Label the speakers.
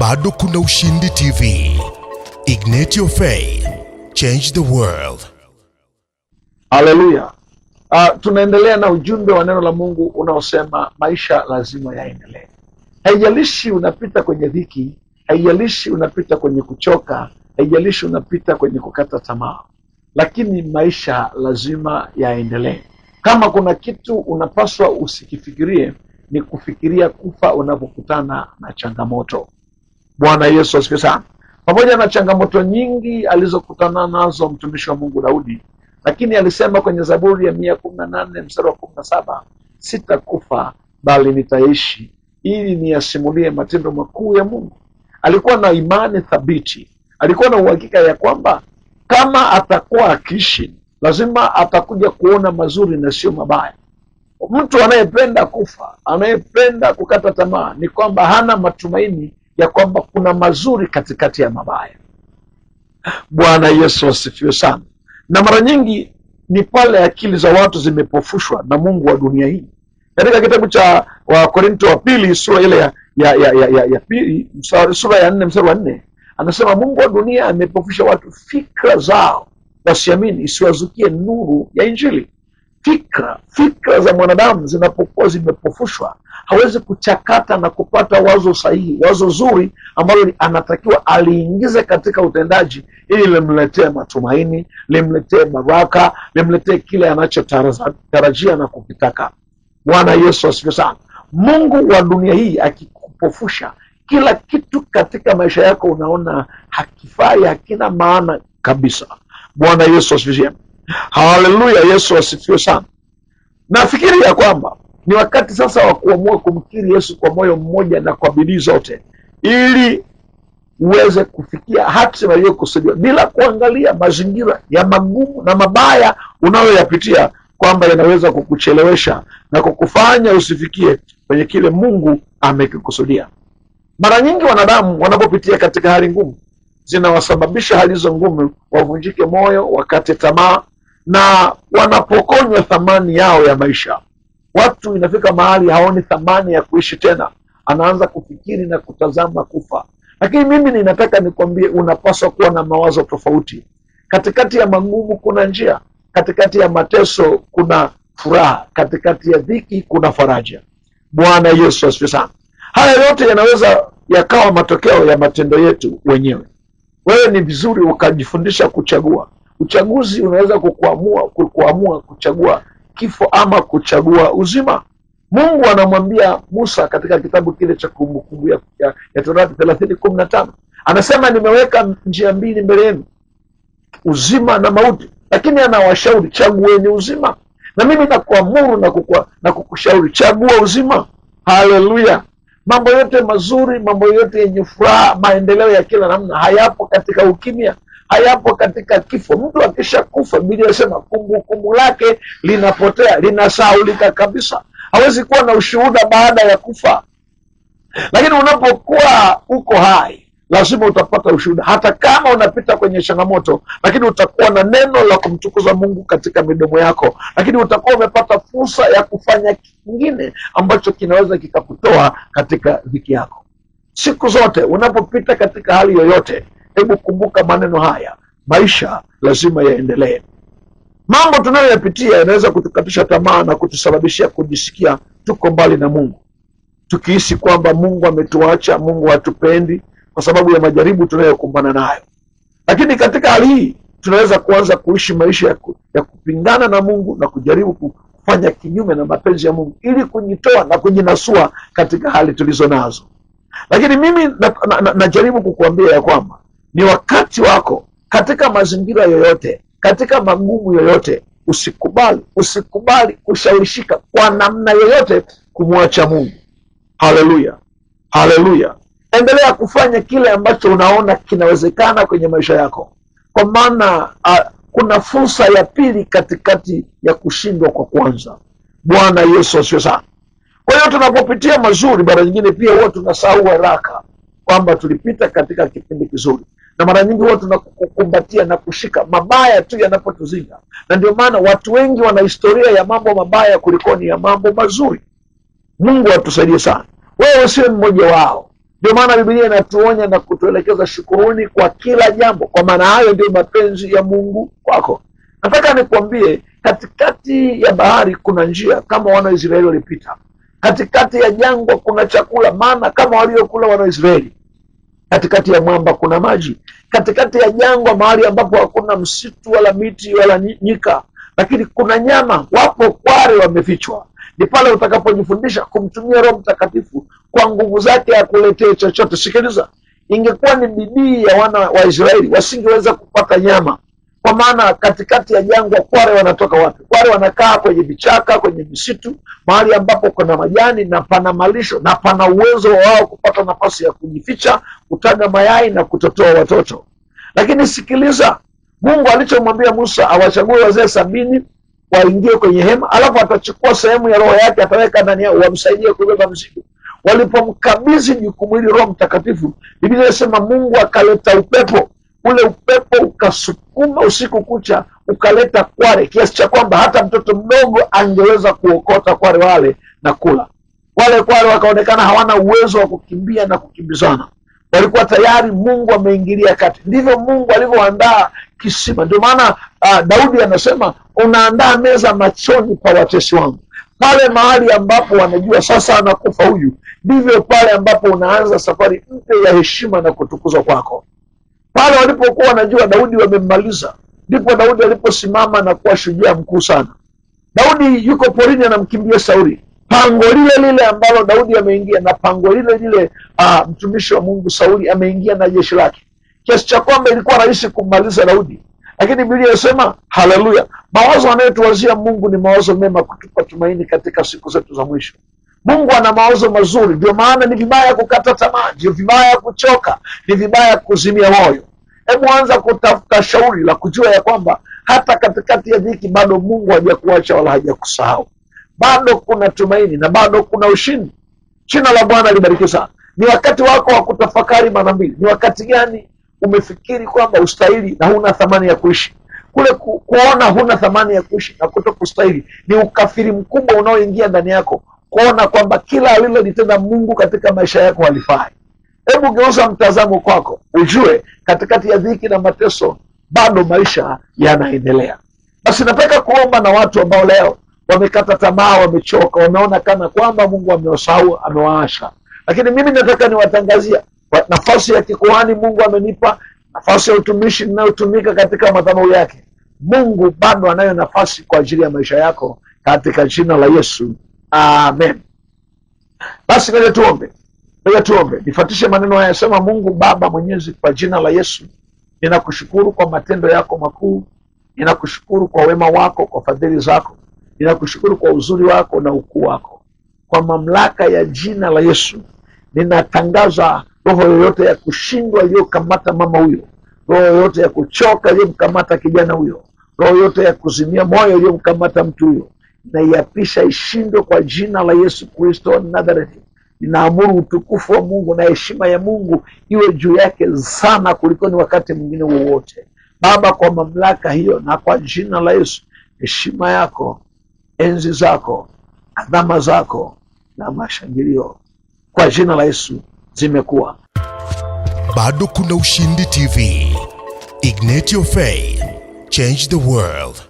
Speaker 1: bado kuna ushindi TV. Ignite your faith, change the world. Haleluya! Uh, ah, tunaendelea na ujumbe wa neno la Mungu unaosema maisha lazima yaendelee. Haijalishi unapita kwenye dhiki, haijalishi unapita kwenye kuchoka, haijalishi unapita kwenye kukata tamaa, lakini maisha lazima yaendelee. Kama kuna kitu unapaswa usikifikirie ni kufikiria kufa unapokutana na changamoto. Bwana Yesu asifiwe sana. Pamoja na changamoto nyingi alizokutana nazo mtumishi wa Mungu Daudi, lakini alisema kwenye Zaburi ya mia kumi na nane mstari wa kumi na saba sitakufa bali nitaishi ili niyasimulie matendo makuu ya Mungu. Alikuwa na imani thabiti, alikuwa na uhakika ya kwamba kama atakuwa akiishi lazima atakuja kuona mazuri na sio mabaya. Mtu anayependa kufa, anayependa kukata tamaa, ni kwamba hana matumaini ya kwamba kuna mazuri katikati ya mabaya. Bwana Yesu asifiwe sana. Na mara nyingi ni pale akili za watu zimepofushwa na Mungu wa dunia hii. Katika kitabu cha Wakorinto wa pili sura ile ya, ya, ya, ya, ya, ya pili sura ya nne mstari wa nne anasema Mungu wa dunia amepofusha watu fikra zao wasiamini, isiwazukie nuru ya Injili fikra fikra za mwanadamu zinapokuwa zimepofushwa, hawezi kuchakata na kupata wazo sahihi, wazo zuri ambalo anatakiwa aliingize katika utendaji, ili limletee matumaini, limletee baraka, limletee kile anachotarajia na kukitaka. Bwana Yesu asifiwe sana. Mungu wa dunia hii akikupofusha kila kitu katika maisha yako, unaona hakifai, hakina maana kabisa. Bwana Yesu asifiwe. Haleluya, Yesu asifiwe sana. Nafikiri ya kwamba ni wakati sasa wa kuamua kumkiri Yesu kwa moyo mmoja na kwa bidii zote, ili uweze kufikia hatima iliyokusudiwa bila kuangalia mazingira ya magumu na mabaya unayoyapitia kwamba yanaweza kukuchelewesha na kukufanya usifikie kwenye kile Mungu amekikusudia. Mara nyingi wanadamu wanapopitia katika hali ngumu zinawasababisha hali hizo ngumu wavunjike moyo, wakate tamaa na wanapokonywa thamani yao ya maisha. Watu inafika mahali haoni thamani ya kuishi tena, anaanza kufikiri na kutazama kufa. Lakini mimi ninataka nikwambie, unapaswa kuwa na mawazo tofauti. Katikati ya magumu kuna njia, katikati ya mateso kuna furaha, katikati ya dhiki kuna faraja. Bwana Yesu asifiwe sana. Haya yote yanaweza yakawa matokeo ya matendo yetu wenyewe. Wewe ni vizuri ukajifundisha kuchagua Uchaguzi unaweza kukuamua, kukuamua kuchagua kifo ama kuchagua uzima. Mungu anamwambia Musa katika kitabu kile cha Kumbukumbu ya, ya, ya Torati thelathini kumi na tano anasema nimeweka njia mbili mbele yenu, uzima na mauti, lakini anawashauri chagueni uzima, na mimi nakuamuru na, na kukushauri chagua uzima. Haleluya! Mambo yote mazuri, mambo yote yenye furaha, maendeleo ya kila namna hayapo katika ukimya hayapo katika kifo. Mtu akishakufa, Biblia inasema kumbukumbu lake linapotea, linasahulika kabisa, hawezi kuwa na ushuhuda baada ya kufa. Lakini unapokuwa uko hai lazima utapata ushuhuda, hata kama unapita kwenye changamoto, lakini utakuwa na neno la kumtukuza Mungu katika midomo yako, lakini utakuwa umepata fursa ya kufanya kingine ambacho kinaweza kikakutoa katika dhiki yako. Siku zote unapopita katika hali yoyote hebu kumbuka maneno haya, maisha lazima yaendelee. Mambo tunayoyapitia yanaweza kutukatisha tamaa na kutusababishia kujisikia tuko mbali na Mungu, tukihisi kwamba Mungu ametuacha, Mungu hatupendi kwa sababu ya majaribu tunayokumbana nayo. Lakini katika hali hii tunaweza kuanza kuishi maisha ya, ku, ya kupingana na Mungu na kujaribu kufanya kinyume na mapenzi ya Mungu ili kujitoa na kujinasua katika hali tulizo nazo. Lakini mimi najaribu na, na, na kukuambia ya kwamba ni wakati wako katika mazingira yoyote, katika magumu yoyote, usikubali usikubali kushawishika kwa namna yoyote kumwacha Mungu. Haleluya, haleluya! Endelea kufanya kile ambacho unaona kinawezekana kwenye maisha yako, kwa maana uh, kuna fursa ya pili katikati ya kushindwa kwa kwanza. Bwana Yesu asio sana. Kwa hiyo tunapopitia mazuri, mara nyingine pia huwa tunasahau haraka kwamba tulipita katika kipindi kizuri na mara nyingi huwa tunakukumbatia na kushika mabaya tu yanapotuzinga, na ndio maana watu wengi wana historia ya mambo mabaya kulikoni ya mambo mazuri. Mungu atusaidie sana, wewe usiwe mmoja wao. Ndio maana Biblia inatuonya na kutuelekeza, shukuruni kwa kila jambo, kwa maana hayo ndio mapenzi ya Mungu kwako. Nataka nikuambie, katikati ya bahari kuna njia, kama Wanaisraeli walipita katikati ya jangwa kuna chakula, maana kama waliokula Wanaisraeli. Katikati ya mwamba kuna maji, katikati ya jangwa, mahali ambapo hakuna msitu wala miti wala nyika, lakini kuna nyama, wapo kware wamefichwa. Ni pale utakapojifundisha kumtumia Roho Mtakatifu kwa nguvu zake akuletee chochote. Sikiliza, ingekuwa ni bidii ya wana wa Israeli wasingeweza kupata nyama kwa maana katikati ya jangwa kware wanatoka wapi? Kware wanakaa kwenye vichaka, kwenye misitu, mahali ambapo kuna majani na pana malisho na pana uwezo wao kupata nafasi ya kujificha, kutaga mayai na kutotoa watoto. Lakini sikiliza, Mungu alichomwambia Musa awachague wazee sabini waingie kwenye hema, alafu atachukua sehemu ya roho yake ataweka ndani yao, wamsaidie kubeba mzigo. Walipomkabidhi jukumu hili Roho Mtakatifu, Biblia inasema Mungu akaleta upepo ule upepo ukasukuma usiku kucha ukaleta kware kiasi cha kwamba hata mtoto mdogo angeweza kuokota kware wale na kula. Wale kware wakaonekana hawana uwezo wa kukimbia na kukimbizana, walikuwa tayari Mungu ameingilia kati. Ndivyo Mungu alivyoandaa kisima. Ndio maana uh, Daudi anasema unaandaa meza machoni pa watesi wangu. Pale mahali ambapo wanajua sasa anakufa huyu, ndivyo pale ambapo unaanza safari mpya ya heshima na kutukuzwa kwako. Pale walipokuwa wanajua Daudi wamemmaliza, ndipo Daudi aliposimama na kuwa shujaa mkuu sana. Daudi yuko porini, anamkimbia Sauli, pango lile lile ambalo Daudi ameingia, na pango lile lile uh, mtumishi wa Mungu Sauli ameingia na jeshi lake, kiasi cha kwamba ilikuwa rahisi kummaliza Daudi lakini Biblia inasema haleluya, mawazo anayotuwazia Mungu ni mawazo mema, kutupa tumaini katika siku zetu za mwisho. Mungu ana mawazo mazuri, ndio maana ni vibaya kukata tamaa, ndio vibaya kuchoka, ni vibaya kuzimia moyo hebu anza kutafuta shauri la kujua ya kwamba hata katikati ya dhiki bado Mungu hajakuacha wala hajakusahau, bado kuna tumaini na bado kuna ushindi. Jina la Bwana libariki sana. Ni wakati wako wa kutafakari mara mbili. Ni wakati gani umefikiri kwamba ustahili na huna thamani ya kuishi? Kule ku, kuona huna thamani ya kuishi na kuto kustahili ni ukafiri mkubwa unaoingia ndani yako, kuona kwamba kila alilolitenda Mungu katika maisha yako halifai. Hebu geuza mtazamo kwako, ujue katikati ya dhiki na mateso bado maisha yanaendelea. Basi nataka kuomba na watu ambao leo wamekata tamaa, wamechoka, wameona kana kwamba Mungu amewasahau, amewaasha. Lakini mimi nataka niwatangazia nafasi ya kikuhani Mungu amenipa, nafasi ya utumishi ninayotumika katika madhabahu yake. Mungu bado anayo nafasi kwa ajili ya maisha yako katika jina la Yesu, amen. Basi ngoja tuombe. Ngoja tuombe, nifatishe maneno haya. Sema: Mungu Baba Mwenyezi, kwa jina la Yesu ninakushukuru kwa matendo yako makuu, ninakushukuru kwa wema wako, kwa fadhili zako, ninakushukuru kwa uzuri wako na ukuu wako. Kwa mamlaka ya jina la Yesu ninatangaza roho yoyote ya kushindwa iliyokamata mama huyo, roho yoyote ya kuchoka iliyomkamata kijana huyo, roho yoyote ya kuzimia moyo iliyomkamata mtu huyo, naiapisha ishindwe kwa jina la Yesu Kristo Nazareti ninaamuru utukufu wa Mungu na heshima ya Mungu iwe juu yake sana kuliko ni wakati mwingine wowote. Baba, kwa mamlaka hiyo na kwa jina la Yesu, heshima yako, enzi zako, adhama zako na mashangilio kwa jina la Yesu zimekuwa. Bado kuna Ushindi TV, ignite your faith, change the world.